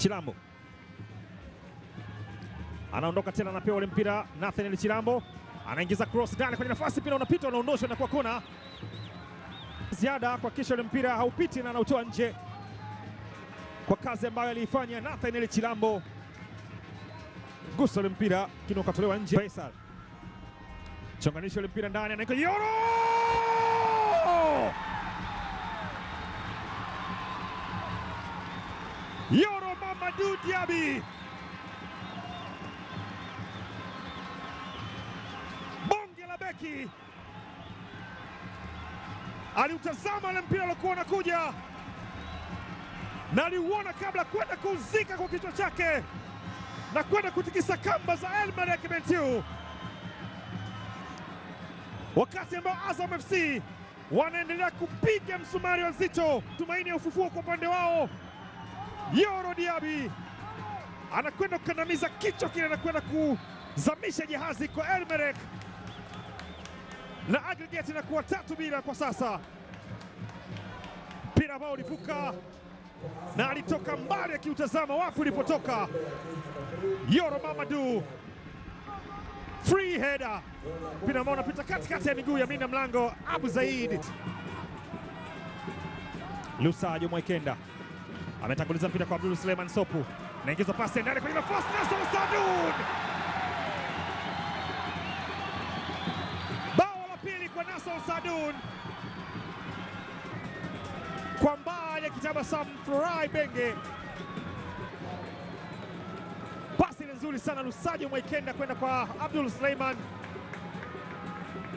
Chilambo anaondoka tena, anapewa ule mpira. Nathaniel Chilambo anaingiza cross ndani kwenye nafasi, pia unapita, unaondoshwa na kwa kona ziada kuhakikisha ule mpira haupiti na anautoa nje, kwa kazi ambayo aliifanya Nathaniel Chilambo. Gusa ule mpira kini ukatolewa nje. Faisal chonganisha ule mpira ndani, anaika Yoro Yoro Amadou Diaby bonge la beki aliutazama na mpira aliokuwa unakuja na aliuona kabla kwenda kuuzika kwa kichwa chake na kwenda kutikisa kamba za El Merreikh Bentiu, wakati ambao Azam FC wanaendelea kupiga msumari wa zito, tumaini ya ufufuo kwa upande wao. Yoro Diaby anakwenda kukandamiza kichwa kile, anakwenda kuzamisha jahazi kwa Elmerek na agregeti inakuwa tatu bila kwa sasa. Mpira ambao ulivuka na alitoka mbali akiutazama wapi ulipotoka. Yoro Mamadu free header, mpira ambao unapita katikati ya miguu ya mina mlango Abu Zaid Lusajo Mwaikenda ametanguliza mpira kwa Abdul Suleiman Sopu, naingiza pasi ndani kwenye nafasi, Nelson Sadun, bao la pili kwa nasol Sadun kwa mbali, Sam Florai Benge. Pasi ni nzuri sana, Lusajo Mwaikenda kwenda kwa Abdul Suleiman,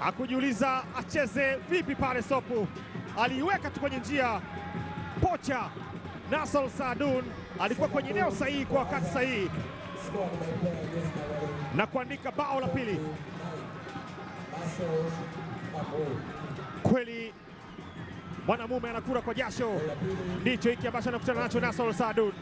akujiuliza acheze vipi pale. Sopu aliiweka tu kwenye njia pocha Nasal Saadun alikuwa kwenye eneo sahihi kwa wakati sahihi na kuandika bao la pili. Kweli mwanamume anakura kwa jasho, ndicho hiki ambacho anakutana nacho Nasal Saadun.